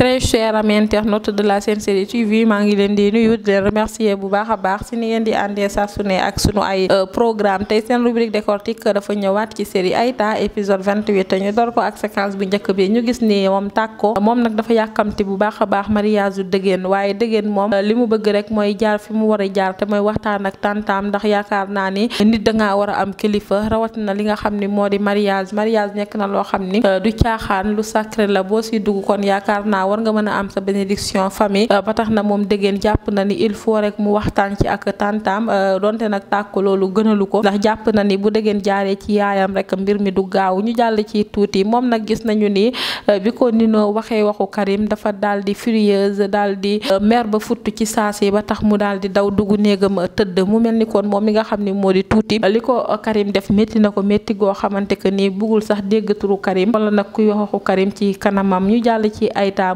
très chers amis internautes de la Sen Série TV maa ngi leen di nuyu di leen remercier bu baax a baax si ni ngeen di àndee saa su ak sunu ay euh, programme tey seen rubrique décortique dafa ñëwaat ci série Aïda épisode 28 ñu door ko ak séquence bu njëkk bi ñu gis ni moom tàkko moom nag dafa yàkkamti bu baax a baax mariage dëggeen waaye dëggeen moom li mu bëgg rek mooy jaar fi mu war a jaar te mooy waxtaan ak tantaam ndax yaakaar naa ni nit dangaa war a am kilifa rawatina li nga xam ni moo di mariage mariage nekk na loo xam ni euh, du caaxaan lu sacré la boo si dugg yaakaar war nga mën a am sa bénédiction famille ba tax na moom dëggeen jàpp na ni il faut rek mu waxtaan ci ak tantaam euh, donte nag tàkk loolu gënalu ko ndax jàpp na ni bu dëggeen jaaree ci yaayam rek mbir mi du gaaw ñu jàll ci tuuti moom nag gis nañu ni euh, bi ko Nino waxee waxu Karim dafa daal di furieuse daal di euh, mer ba futt ci saasi ba tax mu dal di daw dugg néegam tëdd mu mel ni kon moom mi nga xam ne moo di tuuti li ko Karim def métti na ko métti goo xamante ni bugul sax dégg turu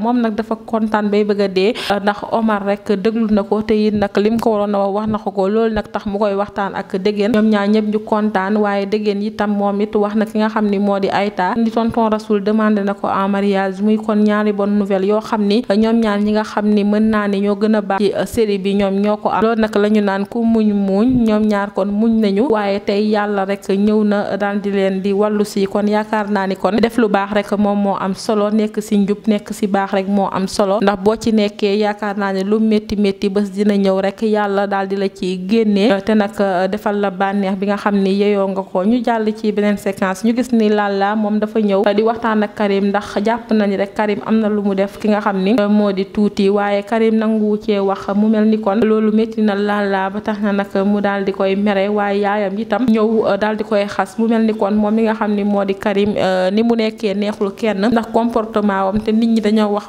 moom nag dafa kontaan bay bëgg a dee ndax Omar rek déglu na ko te it nag lim ko waroon a wax na ko ko loolu nag tax mu koy waxtaan ak dëggeen ñoom ñaar ñëpp ñu kontaan waaye dëggeen itam moom it wax na ki nga xam ni moo di Aïta ni tonton Rasoul demandé na ko en mariage muy ñaari bonne nouvelle yoo xam ni ñoom ñaar ñi nga xam ni mën naa ne ñoo gën a baax ci euh, série bi ñoom ñoo ko am loolu nag la ñu naan ku muñ muñ ñoom ñaar kon muñ nañu waaye tey yàlla rek ñëw na daal di leen di wàllu si kon yaakaar naa ni kon def lu baax rek moom moo am solo nekk si njub nekk si baax baax rek moo am solo ndax boo ci nekkee yaakaar naa ne lu métti métti bés dina ñëw rek yàlla daal di la ci génnee te nag euh, defal la bànneex bi nga xam ni yeyoo nga ko ñu jàll ci beneen séquence ñu gis ni Lalla moom dafa ñëw di waxtaan ak Karim ndax jàpp na rek Karim am na lu mu def ki nga xam ni euh, moo di tuuti waaye Karim nangu cee wax mu mel ni kon loolu métti na Lalla ba tax na nag mu daal di koy mere waaye yaayam itam ñëw euh, daal di koy xas mu mel ni kon moom mi nga xam ni moo di Karim ni mu nekkee neexul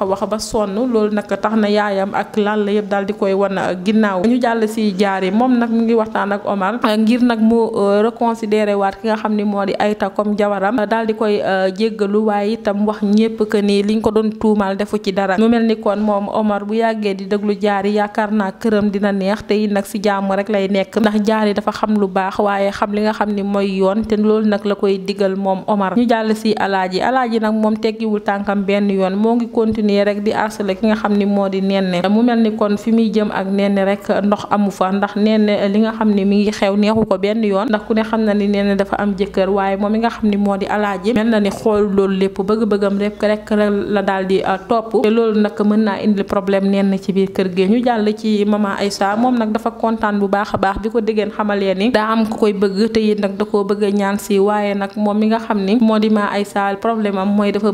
wax a wax ba sonn loolu nag tax na yaayam ak lan la yëpp daal di koy wan uh, ginnaaw ñu jàll si jaari moom nag mu ngi waxtaan ak Omar uh, ngir nag mu uh, reconsidérer waat ki nga xam ni moo di Aïta comme jabaram daal di koy jéggalu waaye itam wax ñépp que ni liñ ko doon tuumal defu ci dara mu mel ni kon moom Omar bu yàggee di déglu jaari yaakaar naa këram dina neex te it nag si jàmm rek lay nekk ndax jaari dafa xam lu baax waaye xam li nga xam ni mooy yoon te loolu nag la koy digal moom Omar ñu jàll si alaaji alaaji nag moom teggiwul tànkam benn yoon moo ngi continuer continuer rek di harceler ki nga xam ni moo di Néné mu mel ni kon fi muy jëm ak Néné rek ndox amu fa ndax Néné li nga xam ni mi ngi xew neexu ko benn yoon ndax ku ne xam na ni Néné dafa am jëkkër waaye moom mi nga xam ni moo di alaaji mel na ni xool loolu lépp bëgg-bëggam rek la daal di uh, topp te loolu nag mën naa indil problème Néné ci biir kër gi ñu jàll ci ma maman Aïssa moom nag dafa kontaan bu baax a baax bi ko déggeen xamalee ni daa am ku koy bëgg te yéen nag da koo bëgg a ñaan si waaye nag moom mi nga xam ni moo di ma Aïssa problème am mooy dafa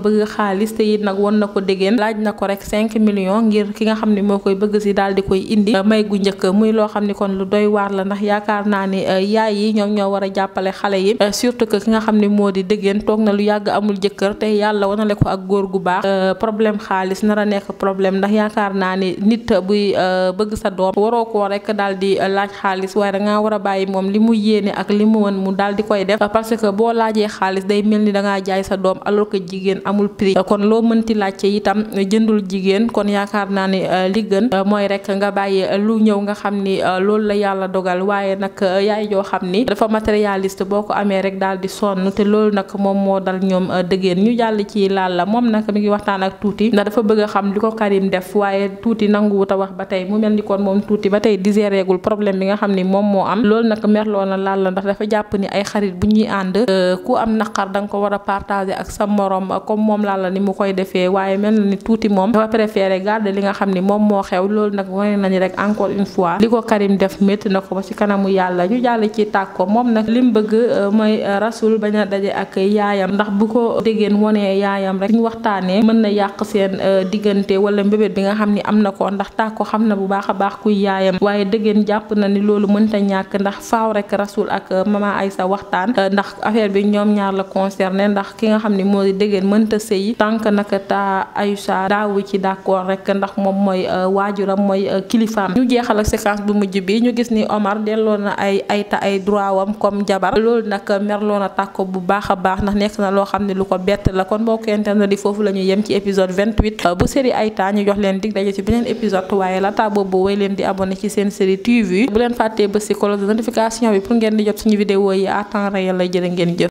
jigéen laaj na ko rek cinq millions ngir ki nga xam ne moo koy bëgg si daal di koy indi may gu njëkk muy loo xam ni kon lu doy waar la ndax yaakaar naa ni euh, yaay yi ñoom ñoo war a jàppale xale yi euh, surtout que ki nga xam ne moo di dëggeen toog na lu yàgg amul jëkkër te yàlla wanale ko ak góor gu baax euh, problème xaalis nar a nekk problème ndax yaakaar naa ni nit buy bëgg sa doom waroo koo rek daal di laaj xaalis waaye dangaa war a bàyyi moom li mu yéene ak li mu mën mu daal di koy def parce que boo laajee xaalis day mel ni dangaa jaay sa doom alors que itam jëndul jigéen kon yaakaar naa ni euh, li gën euh, mooy rek nga bàyyi lu ñëw nga xam ni euh, loolu la yàlla dogal waaye nag yaay joo xam ni dafa matérialiste boo ko amee rek daal di sonn te loolu nag moom moo dal ñoom dëggeen ñu jàll ci laal la moom nag mi ngi waxtaan ak tuuti ndax dafa bëgg xam li ko Karim def waaye tuuti nanguwut a wax ba tey mu mel ni koon moom tuuti ba tey digéreegul problème bi nga xam ni moom moo am loolu nag merloo na laal la ndax dafa jàpp ni ay xarit bu ñuy ànd ku am naqar da nga ko a partager ak sa morom ni tuuti moom dafa préféré garder li nga xam ni moom moo xew loolu nag wane nañu rek encore une fois li ko Karim def métti na ko ba ci kanamu yàlla ñu jàll ci tàkko moom nag lim bëgg euh, mooy euh, Rasoul bañ a daje ak yaayam ndax bu ko déggeen wonee yaayam rek waxtaanee mën na yàq seen euh, diggante wala mbébét bi nga xam ni am na ko ndax tàkko xam na bu baax a baax kuy yaayam waaye déggeen jàpp na ni loolu mënta ñàkk ndax faaw rek Rasoul ak ma ay sa waxtaan ndax affaire bi ñoom ñaar la concerné ndax ki nga xam ni moo déggeen mënta sëy tànk naka taa ay Aïcha daawu ci d'accord rek ndax moom mooy euh, waajuram mooy euh, kilifaam ñu jeexal ak séquence bu mujj bi ñu gis ni Omar delloo na ay ayta ay droit wam comme jabar loolu nag merloo na tàkko bu baax a baax ndax nekk na loo xam ne lu ko bett la kon mbokk internet yi foofu la yem ci épisode 28 euh, bu série Aïta ñu jox leen dig daje ci beneen épisode waaye laata boobu way leen di abonné ci seen série TV bu leen fàttee ba si cloche de bi